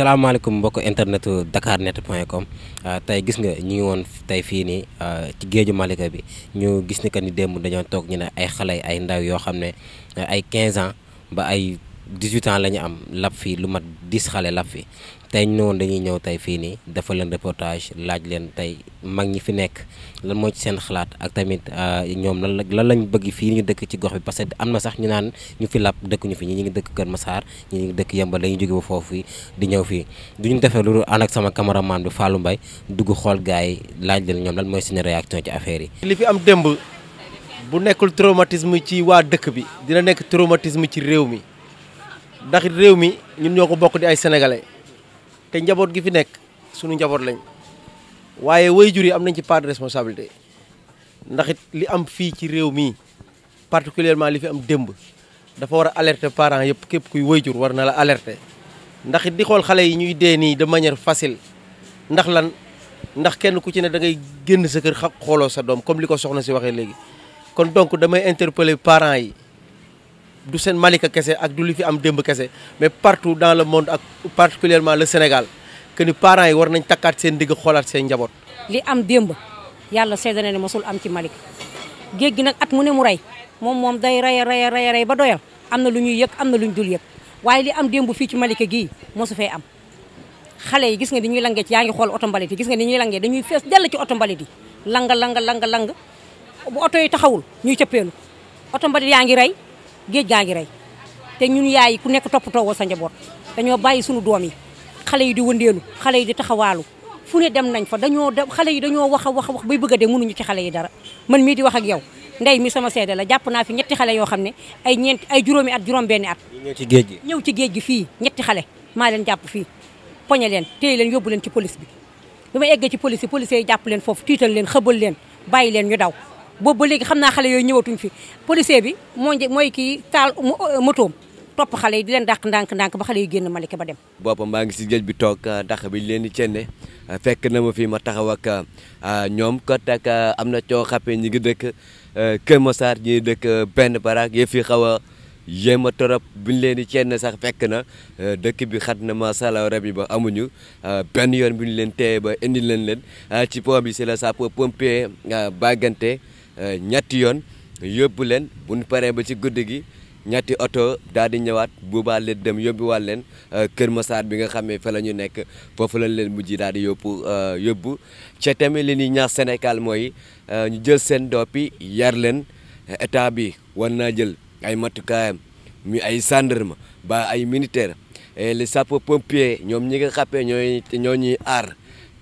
salaamaaleykum mbokk internetu dakarnet.com ah, tey gis nga ñu ngi woon tey fii nii ah, ci géeju Malika bi ñu gis ni que ni démb dañoo toog ñu ne ay xale ay ndaw yoo xam ne ah, ay 15 ans ba ay 18 ans la ñu am lab fii lu mat 10 xale lab fii tey ñu ne woon dañuy ñëw tey fii nii dafa leen reportage laaj leen tey mag ñi fi nekk lan mooy ci seen xalaat ak tamit euh, ñoom lan la lan lañ bëgg fii ñu dëkk ci gox bi parce que am na sax ñu naan ñu fi làpp dëkk ñu fi ñi ñu ngi dëkk Kër Massar ñi ñu ngi dëkk Yëmbal dañuy jóge ba foofu di ñëw fii duñu defee loolu ànd ak sama cameraman bi Fallou Mbaye dugg xool gars yi laaj leen ñoom lan mooy seen réaction ci affaire yi li fi am démb bu nekkul traumatisme ci waa dëkk bi dina nekk traumatisme ci réew mi ndax réew mi ñun ñoo ko bokk di ay sénégalais te njaboot gi fi nekk sunu njaboot lañ waaye waajur yi am nañ ci part de responsabilité ndax it li am fii ci réew mii particulièrement li fi am démb dafa war a alerte parent yëpp képp kuy waajur war na la alerter ndax it di xool xale yi ñuy dee nii de manière facile ndax lan ndax kenn ku ci ne da ngay génn sa kër xa xooloo sa doom comme li ko soxna si waxee léegi kon donc damay interpeller parent yi du seen Malika kese ak du li fi am démb kese mais partout dans le monde ak particulièrement le Sénégal que ni parents yi war nañ takkaat seen digg xoolaat seen njaboot. li am démb yàlla seede na ne mosul am ci Malika géej gi nag at mu mu rey moom moom day rey rey rey rey ba am na lu ñuy yëg am na lu ñu dul yëg waaye li am démb fii ci Malika gii mosu fee am xale yi gis nga dañuy langee ci yaa ngi xool oto mbalit yi gis nga ni ñuy langee dañuy fees dell ci oto mbalit yi lang lang lang lang bu oto yi taxawul ñuy cëppeelu oto mbalit yaa ngi rey géej gaa ngi rey te ñun yaay yi ku nekk toppatoo woo sa njaboot dañoo bàyyi suñu doom yi xale yi di wëndeelu xale yi di taxawaalu fu dem nañ fa dañoo dem xale yi dañoo wax a wax wax bay bëgg a dee mënuñu ci xale yi dara man mii di wax ak yow ndey mi sama seede la jàpp naa fi ñetti xale yoo xam ne ay ñeent ay juróomi at juróom benni at ñëw ci géej ñëw ci géej gi fii ñetti xale maa leen jàpp fii poñe leen téye leen yóbbu leen ci police bi bi ma eggee ci police yi yi jàpp leen foofu tiital leen xëbal leen bàyyi leen ñu daw boobu ba léegi xam naa xale yooyu ñëwatuñ fi policier bi moo mooy kii taal euh, motoom topp xale yi di leen dàq ndànk-ndànk ba xale yi génn Malika ba dem. boppam maa ngi si géej bi toog euh, dàq bi leen di cenne fekk na ma fi ma taxaw ak euh, ñoom kat ak am na coo xappe ñi ngi dëkk Kër Masar ñi ngi dëkk benn baraak yëf yi xaw a yéem a torop bu ñu leen di cenne sax fekk na dëkk bi xat na macha allah rab yi ba amuñu benn yoon bi ñu leen téye ba indi leen leen ci pont bi si la sapeur pompier bàggante. Euh, ñetti yoon yóbbu leen bu ñu paree ba ci guddi gi ñetti oto daal di ñëwaat buubaa leen dem yóbbuwaat leen euh, Kër Massar bi nga xamee fa la ñu nekk foofu lañ leen mujj daal di yóbbu euh, yóbbu ca tamit li ñuy ñaax Sénégal mooy ñu jël seen doppi yar leen état bi war naa jël ay matukaayam mu ay sàndarma ba ay militaire les sapeurs pompiers ñoom ñi ngi xàppee ñooy ñoo ñuy aar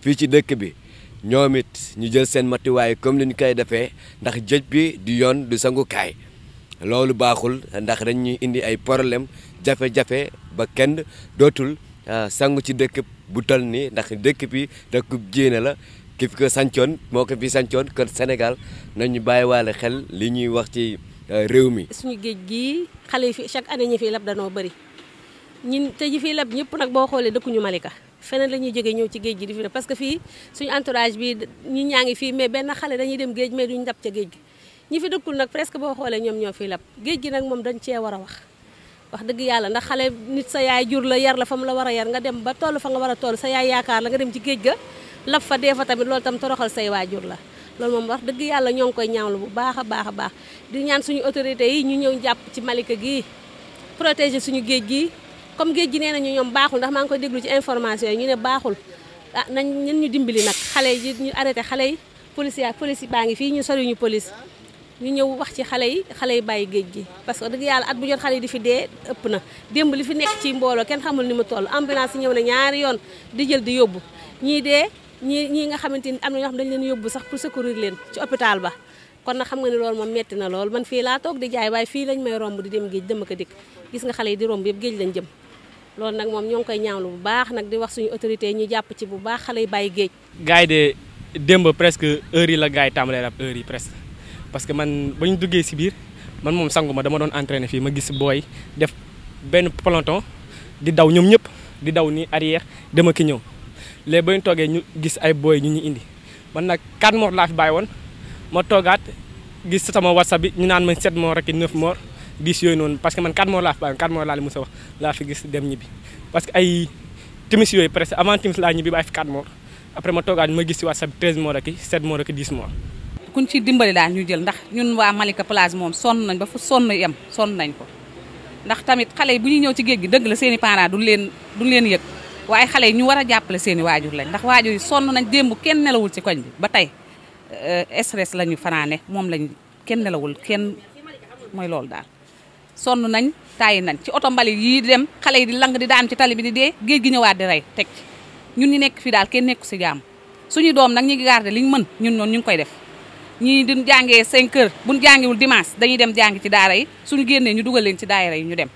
fii ci dëkk bi ñoom it ñu jël seen matuwaay comme ni ñu koy defee ndax jëj bi di yoon du sangukaay loolu baaxul ndax dañ ñuy indi ay problème jafe-jafe ba kenn dootul ah, sangu ci dëkk bu toll nii ndax dëkk bi dëkkub jéene la ki fi ko sancoon moo ko fi sancoon kon Sénégal nañu bàyyiwaale xel li ñuy wax ci ah, réew mi. suñu géej gi xale yi fi chaque année ñi fi lab danoo bari ñun te ñi fiy lab ñëpp nag boo xoolee dëkkuñu Malika. feneen la ñuy jógee ñëw ci géej gi di fi parce que fii suñu entourage bi ñi ñaa ngi fii mais benn xale dañuy dem géej mais duñu dab ca géej gi ñi fi dëkkul nag presque boo xoolee ñoom ñoo fii lab géej gi nag moom dañ cee war a wax wax dëgg yàlla ndax xale nit sa yaay jur la yar la fa mu la war a yar nga dem ba toll fa nga war a toll sa yaay yaakaar la nga dem ci géej ga lab fa dee fa tamit loolu tam toroxal say waajur la loolu moom wax dëgg yàlla ñoo ngi koy ñaawlu bu baax a baax a di ñaan suñu autorité yi ñu ñëw jàpp ci malika gi protéger suñu géej gi comme géej gi nee nañu ñoom baaxul ndax maa ngi koy déglu ci information yi ñu ne baaxul ah nañ ñen ñu dimbali nag xale yi ñu arrêté xale yi police ak police baa ngi fii ñu sori ñu police ñu ñëw wax ci xale yi xale yi bàyyi géej gi parce que dëgg yàlla at bu jot xale yi di fi dee ëpp na démb li fi nekk ci mbooloo kenn xamul ni mu toll ambulance yi ñëw na ñaari yoon di jël di yóbbu ñii dee ñii ñii nga xamante ni am na ñoo xam dañu leen yóbbu sax pour leen ci hôpital kon na xam nga ne loolu moom metti na lool man fii laa toog di waaye fii lañ may romb di dem géej dama ko dikk gis nga xale yi di romb lañ jëm loolu nag moom ñoo ngi koy ñaawlu bu baax nag di wax suñu autorité ñu jàpp ci bu baax xale yi bàyyi géej. gars yi de démb presque heure yi la gars yi tàmbalee rab heure yi presque parce que man ba ñu duggee si biir man moom sangu ma dama doon entraîné fii ma gis booy def benn peloton di daw ñoom ñëpp di daw ni arrière dama ki ñëw léegi ba ñu toogee ñu gis ay booy ñu ñu indi man nag 4 morts laa fi bàyyi woon ma toogaat gis sama whatsapp bi ñu naan ma 7 morts ak 9 morts. bis yooyu noonu parce que man 4 mois laa fi bàyyi 4 mois laa a laa fi gis dem ñibbi parce que ay timis yooyu presque avant timis laa ñibbi bàyyi fi 4 mois après ma toogaat ma gis si WhatsApp 13 mois rek 7 mois rek 10 mois. kuñ dimbali daal ñu jël ndax ñun waa Malika Plage moom sonn nañ ba fu sonn yem sonn nañ ko ndax tamit xale yi bu ñuy ñëw ci géej gi dëgg la seeni parent parents leen duñ leen yëg waaye xale yi ñu war a jàppale seen i waajur lañ ndax waajur yi sonn nañ démb kenn nelawul ci koñ ba tey euh, stress la ñu fanaane moom lañ kenn nelawul kenn mooy loolu daal sonn nañ tàyyi nañ ci oto mbali yii dem xale yi di lang di daan ci tali bi di dee géej gi ñëwaat di rey teg ci ñun ñu nekk fii daal kenn nekku si jàmm suñu doom nag ñu ngi garder liñ mën ñun ñoon ñu ngi koy def ñii di jàngee cinq heures buñ jàngiwul dimanche dañuy dem jàngi ci daara yi suñu génnee ñu dugal leen ci daayira yi ñu dem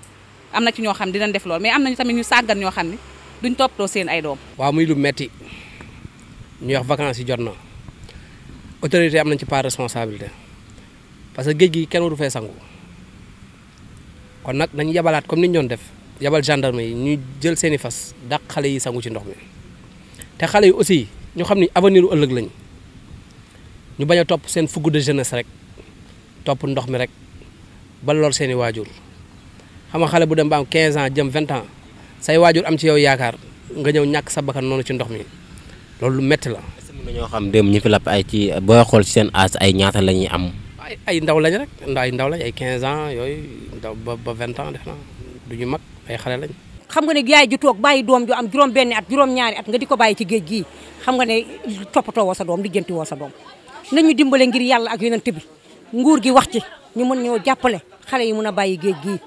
am na ci ñoo xam ne dinañ def lool mais am nañu tamit ñu sàggan ñoo xam ne duñ toppatoo seen ay doom waaw muy lu metti ñu wax vacances yi jot na autorité am nañ ci part responsabilité parce que géej gi kenn waru fee kon nag nañu yabalaat comme ni ñu doon def yabal gendarme yi ñu jël seeni fas dàq xale yi sangu ci ndox mi te xale yi aussi ñu xam ni avenir ëllëg lañ ñu bañ a topp seen fougue de jeunesse rek topp ndox mi rek ba loolu seeni waajur xam nga xale bu dem ba am 15 ans jëm vingt ans say waajur am ci yow yaakaar nga ñëw ñàkk sa bakkan noonu ci ndox mi loolu lu métti la. est-ce xam démb ñi ay ci booy xool seen as ay ñaata la ñuy am. ay ndaw lañ rek ay ndaw lañ ay 15 ans yooyu ndaw ba ba 20 ans def na du ñu mag ay xale lañ. xam nga ne yaay ju toog bàyyi doom ju am juróom benn at juróom ñaari at nga di ko bàyyi ci géej gi xam nga ne toppatoo woo sa doom lijjanti woo sa doom ñu dimbale ngir yàlla ak yonent bi nguur gi wax ci ñu mën ñoo jàppale xale yi mun a bàyyi géej gii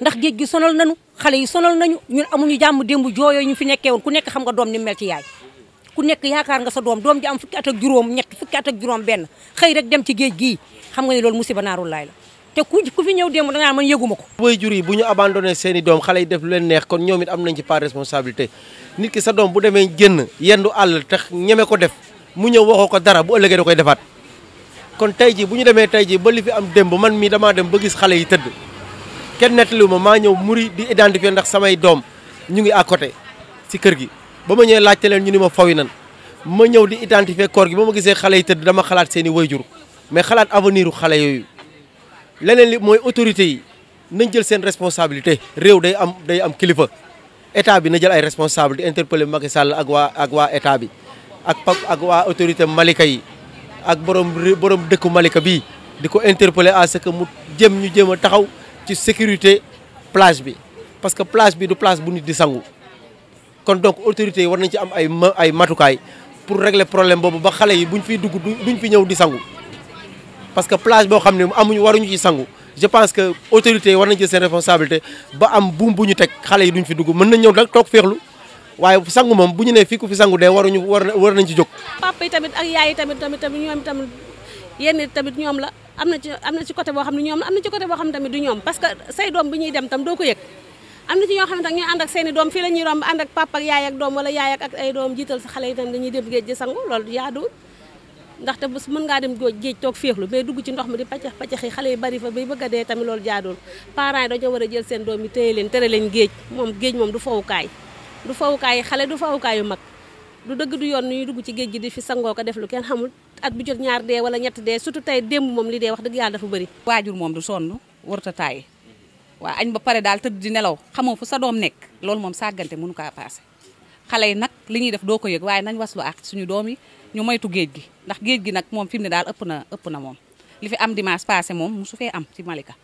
ndax géej gi sonal nañu xale yi sonal nañu ñun amuñu jàmm démb jooyoo ñu fi nekkee woon ku nekk xam nga doom ni mel ci yaay ku nekk yaakaar nga sa doom doom ji am fukki at ak juróom ñett fukki benn xëy rek dem ci géej gi xam nga ne loolu musiba naarul laay la te ku ku fi ñëw démb dangaa man yëguma ko way jur yi bu ñu abandonné seen doom xale yi def leen neex kon ñoom it nañ ci part responsabilité nit ki sa doom bu demee génn yendu àll tax ñeme ko def mu ñëw waxoo ko dara bu ëllëgee da koy defaat kon tey jii bu ñu demee tey jii ba li fi am démb man mii damaa dem ba gis xale yi tëdd kenn nettaliwu ma maa ñëw muri di identifier ndax samay doom ñu ngi à côté si kër gi ba ma ñëwee laajte leen ñu ni ma fawi nan ma ñëw di identifier koor gi ba ma gisee xale yi tëdd dama xalaat seen i wayjur mais xalaat avenir xale yooyu leneen li mooy autorité yi nañ jël seen responsabilité réew day am day am kilifa état bi na jël ay responsable di interpeller Macky ak waa ak waa état bi ak ak waa autorité Malika yi ak borom borom dëkku Malika bii di ko interpeller à que mu jëm ñu jëm a taxaw ci sécurité plage bi parce que plage bi du plage bu nit di sangu kon donc autorité yi war nañ ci am ay ay matukaay pour régler problème boobu ba xale yi buñ fiy dugg duñ fi ñëw di sangu parce que plage boo xam ne amuñu waruñu ci sangu je pense que autorités war nañ ci seen ba am buum bu ñu teg xale yi duñ fi dugg mën nañ ñëw nag toog féexlu waaye sangu moom bu ñu ku fi sangu dee waruñu war nañ ci jóg. papa yi tamit ak yaay yi tamit tamit tamit ñoom tamit yenn tamit ñoom la am na ci am na ci côté boo xam ne ñoom la am na ci côté boo xam ne tamit du ñoom parce que say doom bi ñuy dem tam doo ko yëg. am na ci ñoo xam ne ñuy ànd ak seeni i doom fii la ñuy romb ànd ak papa ak yaay ak doom wala yaay ak ay doom jiital sa xale itam dañuy dem géej di sangu loolu yaadu ndaxte bés mën ngaa dem góoj géej toog féexlu mais dugg ci ndox mi di paccax paccaxi xale yi bari fa bay bëgg a tamit loolu jaadul parents yi dañoo a jël seen doom yi téye leen tere leen géej moom géej moom du fawukaay du fawukaay xale du fawukaayu mag du dëgg du yoon ñuy dugg ci géej di fi sangoo ko def lu kenn xamul at bu jot ñaar dee wala ñett dee surtout tey démb moom li dee wax dëgg yàlla dafa bëri waajur moom du sonn warta taay waaw añ ba pare daal tëdd di nelaw xamoo fu sa doom nekk lool moom sàggante mënu kaa paase xale yi nag li ñuy def doo ko yëg waaye nañ waslu ak suñu doom yi ñu moytu géej gi ndax géej gi nag moom fi ne daal ëpp na ëpp na moom li fi am dimanche passé moom musu fee am ci Malika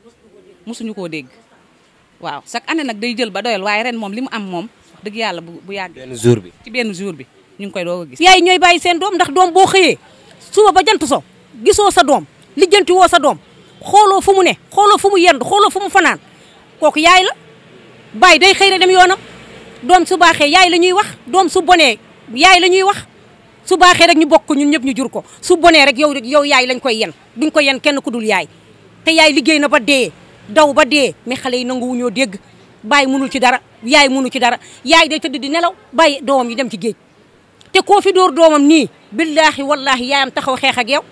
musuñu koo dégg waaw chaque année nag day jël ba doyal waaye ren moom li mu am moom dëgg yàlla bu bu yàgg benn jour bi ci benn jour bi ñu ngi koy doo a gis yaay ñooy bàyyi seen doom ndax doom boo xëyee suba ba jant soo gisoo sa doom lijjanti woo sa doom xooloo fu mu ne xooloo fu mu yend xooloo fu mu fanaan kooku yaay la baay day xëy na dem yoonam doom su baaxee yaay la ñuy wax doom su bonee yaay la ñuy wax su baaxee rek ñu bokk ñun ñëpp ñu jur ko su bonee rek yow yow yaay lañ koy yen duñ ko yen kenn ku dul yaay te yaay liggéey na ba dee daw ba dee mais xale yi nanguwuñoo dégg bàyyi mënul ci dara yaay mënul ci dara yaay day tëdd di nelaw bàyyi doomam yi dem ci géej te koo fi dóor doomam nii billaahi wallaahi yaayam taxaw xeex ak yow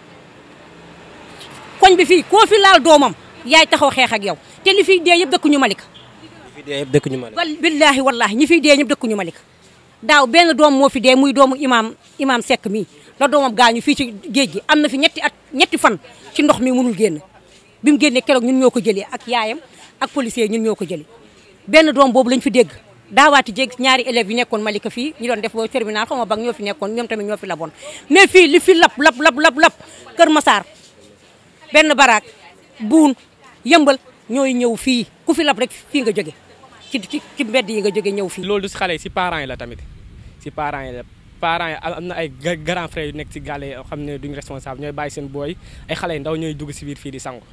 koñ bi fi koo fi laal doomam yaay taxaw xeex ak yow te li fiy dee yëpp dëkkuñu Malika. li fiy dee yëpp dëkkuñu Malika. billaahi wallaahi ñi fiy dee ñëpp dëkkuñu Malika daaw benn doom moo fi dee muy doomu imaam sekk mi mii la doomam gaañu fii ci géej gi am na fi ñetti at ñetti fan ci ndox mi mënul génn bi mu génnee keroog ñun ñoo ko jëlee ak yaayam ak policier ñun ñoo ko jëlee benn doom boobu lañ fi dégg daawaati jéeg ñaari élèves yi nekkoon Malika fii ñu doon def booy terminal xaw ma bag ñoo fi nekkoon ñoom tamit ñoo fi laboon mais fii li fi lab lab lab lab lab Kër Massar benn baraak buun yëmbal ñooy ñëw fii ku fi lab rek fii nga jóge ci ci ci mbedd yi nga jóge ñëw fii. loolu du si xale yi si parents yi la tamit si parents yi la parents yi am na ay grand frère yu nekk si gàlle yoo xam ne duñ responsable ñooy bàyyi seen booy ay yu ndaw ñooy dugg si biir fii di sangu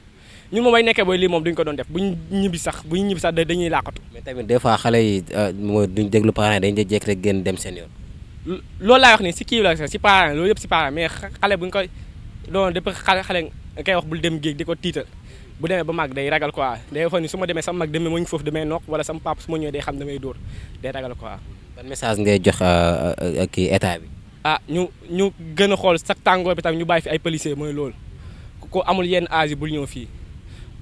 ñun moom ay nekkee booy lii moom duñ ko doon def bu ñibbi sax buñ ñibbi sax dañuy làqatu. mais tamit des fois xale yi euh, mooy duñ déglu parents yi dañ dañuy jékki rek génn dem seen yoon. loolu laay wax ni si kii la si parents yi loolu yëpp si parents mais xale buñ koy doon depuis xale xale kay wax bul dem géej di ko tiital bu demee ba màgg day ragal quoi day fa ni su demee sama mag demee moo ñu foofu demee noq wala sama papa su ma ñëwee day xam damay dóor day ragal quoi. ban message ngay jox euh, euh, euh, kii état bi. ah ñu ñu gën a xool sax tàngoor bi tam ñu bàyyi fi ay policier mooy loolu ku amul yenn âge bul ñëw fii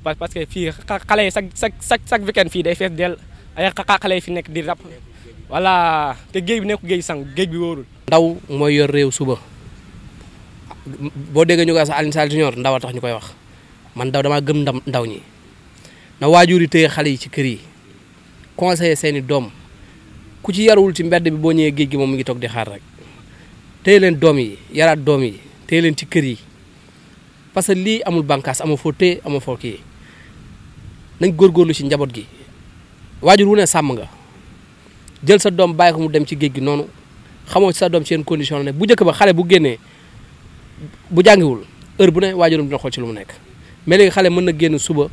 parce que fii xale yi chaque chaque chaque weekend fii day fees del ay yi fi nekk di rab voilà te géej bi nekku géej sang géej bi wóorul. ndaw mooy yor réew suba boo déggee ñu ko sax Alioune Sall Junior ndaw a tax ñu koy wax. man daw damaa gëm ndam ndaw ñi na waajur yi xale yi ci kër yi conseiller seeni doom ku ci yaruwul ci mbedd bi boo ñëwee géej gi moom mu ngi toog di xaar rek téye leen doom yi yaraat doom yi téye leen ci kër yi parce que lii amul bànkaas amoo foo téye amoo foo kii nañ góorgóorlu ci njaboot gi waajur wu ne sàmm nga jël sa doom bàyyi ko mu dem ci géej gi noonu xamoo ci sa doom ci yenn condition la ne bu njëkk ba xale bu génnee bu jàngiwul heure bu ne waajurum dina ci lu mu nekk mais léegi xale mën na génn suba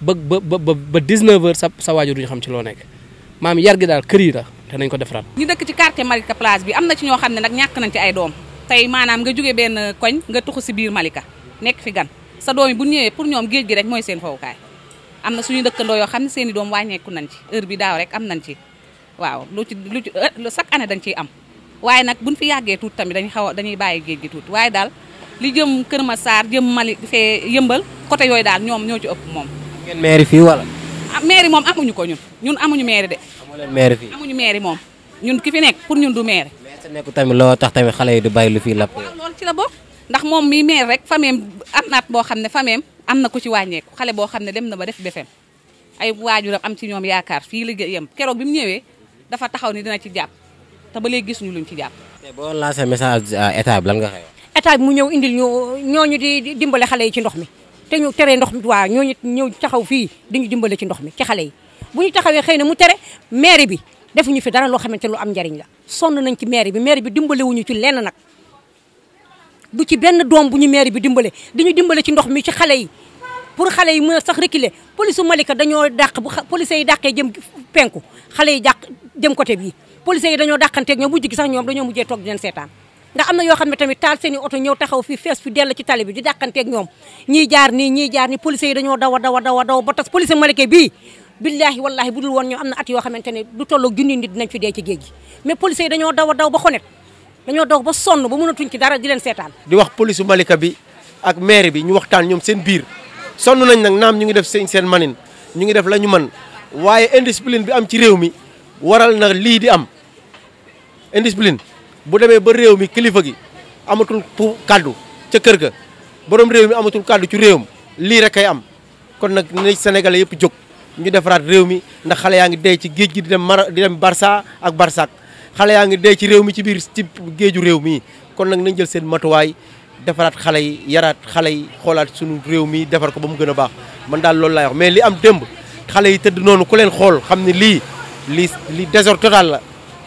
ba ba ba ba 19h sa sa waajur duñu xam ci loo nekk maam yar gi daal kër yi la te nañ ko def ran ñu dëkk ci quartier Malika place bi am na ci ñoo xam ne nag ñàkk nañ ci ay doom tey maanaam nga jóge benn koñ nga tuxu si biir Malika nekk fi gan sa doom yi bu ñëwee pour ñoom géej gi rek mooy seen fawukaay am na suñu dëkkandoo yoo xam ne seen i doom wàññeeku nañ ci heure bi daaw rek am nañ ci waaw lu ci lu ci euh, chaque année dañ ciy am waaye nag buñ fi yàggee tuut tamit dañuy xaw dañuy bàyyi géej gi tuut waaye daal li jëm Kër ma saar jëm Mali fee yëmbal côté yooyu daal ñoom ñoo ci ëpp moom. ngeen mairie fii wala. ah mairie moom amuñu ko ñun ñun amuñu mairie de. amu leen mairie fii amuñu mairie moom ñun ki fi nekk pour ñun du mairie. mais sa tamit loo tax tamit xale yi du bàyyi lu fii lapp. loolu ci la bokk ndax moom mi maire rek fameem am naat boo xam ne fameem am na ku ci wàññeeku xale boo xam ne dem na ba def befem ay waajuram am ci ñoom yaakaar fii la yem keroog bi mu ñëwee dafa taxaw ni dina ci jàpp te ba léegi gisuñu luñ ci jàpp. tey boo lancé message état bi lan état mu ñëw indil ñu ñooñu di dimbale xale yi ci ndox mi te ñu tere ndox mi waaw ñooñu ñëw taxaw fii diñu dimbale ci ndox mi ci xale yi bu ñu taxawee xëy na mu tere maire bi defuñu fi dara loo xamante lu am njariñ la sonn nañ ci maire bi maire bi dimbalewuñu ci lenn nag du ci benn doom bu ñu maire bi dimbale diñu dimbale ci ndox mi ci xale yi pour xale yi mën a sax reculer police u Malika dañoo dàq bu police yi dàqee jëm penku xale yi dàq jëm bi bii police yi dañoo dàqanteeg ñoom mujj gi sax ñoom dañoo mujjee toog di leen seetaan ndax am na yoo xam ne tamit taal seen oto ñëw taxaw fi fees fi dell ci tali bi di dàqanteeg ñoom ñiy jaar nii ñiy jaar nii policiers dañoo daw a daw a daw a daw ba tas police Malika bii billaahi wallaahi bu dul woon ñoom am na at yoo xamante ne du tolloog junni nit dinañ fi dee ci géej gi mais policiers yi dañoo daw a daw ba xonet dañoo daw ba sonn ba mënatuñ ci dara di leen seetaan di wax police Malika bi ak maire bi ñu waxtaan ñoom seen biir sonn nañ nag naam ñu ngi def seen seen manin ñu ngi def la ñu mën waaye indiscipline bi am ci réew mi waral na lii di am indiscipline bu demee ba réew mi kilifa gi amatul pu kàddu ca kër ga borom réew mi amatul kàddu ci réew réewam lii rek kay am kon nag ni Sénégalais yëpp jóg ñu defaraat réew mi ndax xale yaa ngi dee ci géej gi di dem Mar di dem Barça ak Barsak xale yaa ngi dee ci réew mi ci biir ci géeju réew mi kon nag nañ jël seen matuwaay defaraat xale yi yaraat xale yi xoolaat suñu réew mi defar ko ba mu gën a baax man daal loolu laay wax mais li am démb xale yi tëdd noonu ku leen xool xam ne lii lii lii désordre total la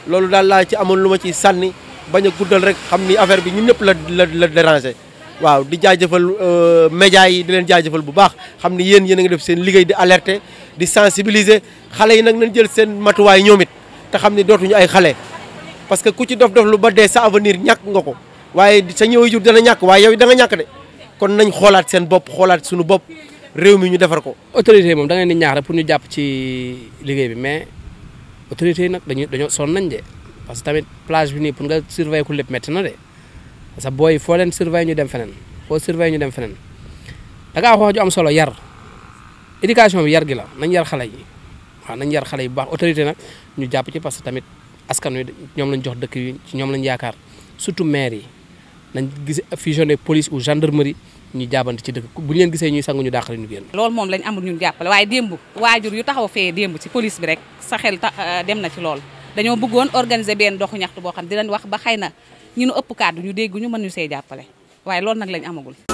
loolu daal laa ci amoon lu ma ciy sànni bañ a guddal rek xam ni affaire bi ñun ñëpp la la la déranger waaw di jaajëfal euh, médias yi di leen jaajëfal bu baax xam ni yéen yéen a ngi def seen liggéey di alerter di sensibiliser xale yi nag nañ jël seen matuwaay ñoom it te xam ni dootuñu ay xale parce que ku ci dof dof lu ba dee sa avenir ñàkk nga ko waaye sa ñëw jur dana ñàkk waaye yow da nga ñàkk de kon nañ xoolaat seen bopp xoolaat suñu bopp réew mi ñu defar ko. autorité moom da ngeen di ñaax pour ñu jàpp ci liggéey bi mais autorité yi nag dañuy dañoo sonn nañ de. parce que tamit plage bi nii pour nga surveiller ku lépp métti na de parce booy foo leen surveiller ñu dem feneen foo surveiller ñu dem feneen da ngaa wax am solo yar éducation bi yar gi la nañ yar xale yi waaw nañ yar xale yi bu baax autorité nag ñu jàpp ci parce que tamit askan wi ñoom lañ jox dëkk yi ci ñoom lañ yaakaar surtout maire yi nañ gis fusionné police ou gendarmerie ñu jaabante ci dëkk bu gisee ñuy sangu ñu dàqale ñu moom lañ amul ñun jàppale waaye démb waajur yu taxaw fee démb ci police bi rek sa xel euh, dem na ci lool dañoo bëggoon organiser benn doxu ñaxtu boo xam dinañ wax ba xëy na ñu nu ëpp kàddu ñu dégg ñu mën ñu see jàppale waaye loolu nag lañ amagul.